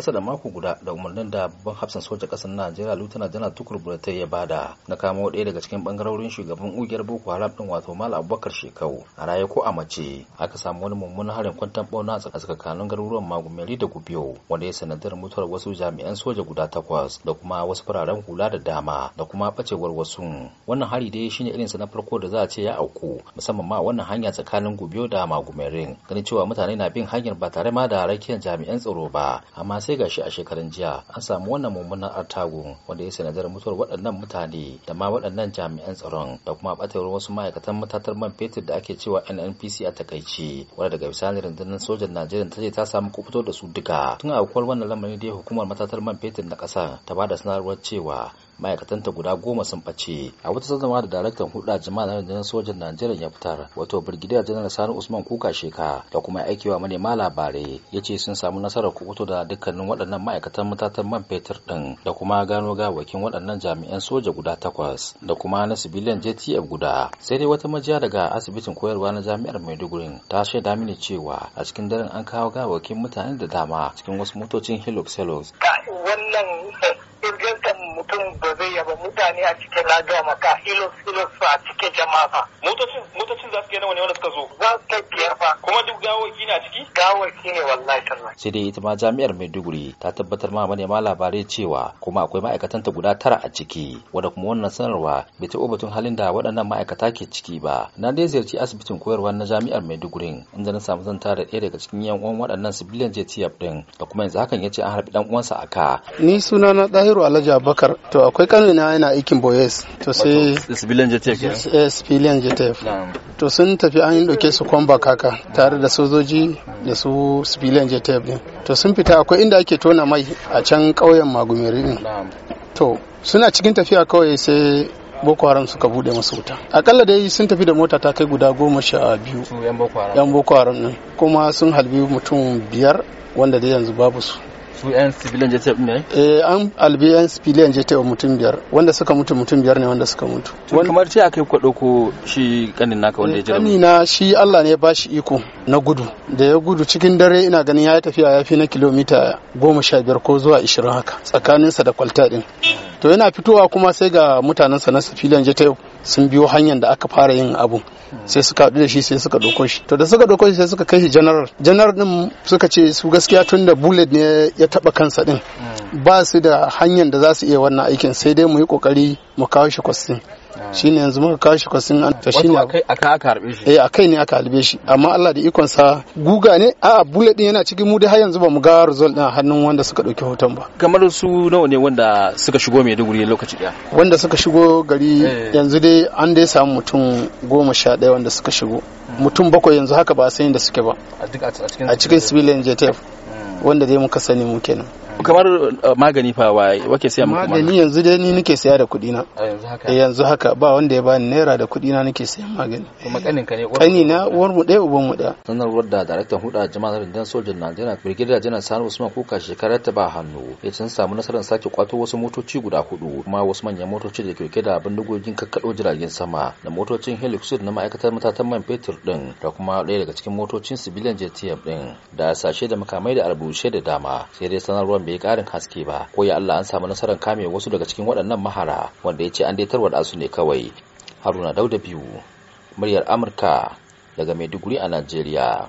kasa da mako guda da umarnin da babban hafsan soja kasar najeriya lutana janar tukur buratai ya bada na kamo ɗaya daga cikin bangarorin shugaban ƙungiyar boko haram din wato mal abubakar shekau a raye ko a mace aka samu wani mummunan harin kwantan bauna a tsakanin garuruwan magumeri da gubiyo wanda ya sanadar mutuwar wasu jami'an soja guda takwas da kuma wasu fararen hula da dama da kuma bacewar wasu wannan hari dai shine irinsa na farko da za a ce ya auku musamman ma wannan hanya tsakanin gubiyo da magumerin ganin cewa mutane na bin hanyar ba tare ma da rakiyar jami'an tsaro ba amma sai sai ga shi a shekaran jiya an samu wannan mummunan artagu wanda ya sanadar mutuwar waɗannan mutane da ma waɗannan jami'an tsaron da kuma ɓatar wasu ma'aikatan matatar man fetur da ake cewa nnpc a takaici wanda daga bisani rundunar sojan najeriya ta ce ta samu kubuto da su duka tun a wannan lamarin dai hukumar matatar man fetur na ƙasa ta ba da sanarwar cewa ma'aikatanta guda goma sun ɓace a wata sanarwa da daraktan hulɗa jama'a na rundunar sojan najeriya ya fitar wato birgidiyar janar sani usman kuka sheka da kuma aikewa manema labarai ya ce sun samu nasarar kukuto da dukkanin waɗannan ma'aikatan matatan man fetur ɗin da kuma gano gawakin waɗannan jami'an soja guda takwas da kuma na sibiliyan jtf guda sai dai wata majiya daga asibitin koyarwa na jami'ar maiduguri ta shaida mini cewa a cikin daren an kawo gawakin mutane da dama cikin wasu motocin hilux hilux wannan eh, mutum ba zai yaba mutane a cikin lagama ka hilos hilos a cikin jama'a. Motocin za su kai nawa ne wanda suka zo? Za su kai gawaki na ciki? Gawaki ne wallahi tallahi. Sai dai ita ma jami'ar Maiduguri ta tabbatar ma manema labarai cewa kuma akwai ta guda tara a ciki wanda kuma wannan sanarwa bai taɓa batun halin da waɗannan ma'aikata ke ciki ba. Na dai ziyarci asibitin koyarwa na jami'ar Maiduguri inda na samu zanta da ɗaya daga cikin yan uwan waɗannan sibiliyan tiyaf din da kuma yanzu hakan yace an harbi dan uwansa a ka. Ni suna na Dahiru Alhaji Abubakar to akwai kanina yana aikin Boyes to sai sibiliyan tiyaf. Eh sibiliyan JTF. To sun tafi an yi ɗauke su kwamba kaka tare da su sojoji da su civilian jet din to sun fita akwai inda ake tona mai a can ƙauyen magumeri din to suna cikin tafiya kawai sai boko haram suka bude masu wuta akalla dai sun tafi da mota ta kai guda goma sha biyu yan boko haram nan kuma sun halbi mutum biyar wanda dai yanzu babu su su yan civilian jet ne eh an albi yan civilian wa mutum biyar wanda suka mutu mutum biyar ne wanda suka mutu kamar ce akai kwado ko shi kanin naka wanda ya eh, jira kanin na shi Allah ne ya bashi iko na gudu da ya gudu cikin dare ina ganin ya tafiya ya fi na kilomita goma sha biyar ko zuwa ishirin haka tsakaninsa da kwalta din to yana fitowa kuma sai ga mutanensa na civilian jet sun biyo hanyar da aka fara yin abun sai suka haɗu da shi sai suka ɗauko shi to da suka ɗauko shi sai suka kai shi general general din suka ce su gaskiya tun da bullet ne ya taɓa kansa din ba su da hanyar da za su iya wannan aikin sai dai mu yi kokari mu kawo shi kwastin ah. shi ne yanzu muka kawo shi kwastin an ta shi ne eh, a kai aka a ne aka harbe shi amma Allah da ikon sa guga ne a bullet din yana cikin mu dai har yanzu ba mu ga result din hannun wanda suka dauki hoton ba kamar su nawa ne wanda suka shigo mai duguri lokaci daya wanda suka shigo gari eh. yanzu dai an dai samu mutum goma sha daya wanda suka shigo hmm. mutum bakwai yanzu haka ba san da suke ba a cikin civilian JTF hmm. wanda dai muka sani mu kenan kamar uh, magani fa wa wake siya muku magani yanzu dai ni nake siya da kuɗi na yanzu haka eh, yanzu haka ba wanda ya bani naira da kuɗi na nake siya magani kuma kanin ka ne kani na uwar mu ɗaya uban mu ɗaya sanarwar da daraktan huda jama'ar rundunar sojin Najeriya Brigadier General Sani Usman Kuka shekarar ta ba hannu ya sun samu nasarar sake kwato wasu motoci guda hudu kuma wasu manyan motoci da ke da bindigogin kakkado jiragen sama da motocin helicopter na ma'aikatar matatan man fetur din da kuma ɗaya daga cikin motocin civilian JTM din da sashe da makamai da albushe da dama sai dai sanarwar bai karin haske ba ko ya Allah an samu nasarar kame wasu daga cikin waɗannan mahara wanda ya ce an daitarwa da su ne kawai haruna dauda biyu muryar amurka daga maiduguri a najeriya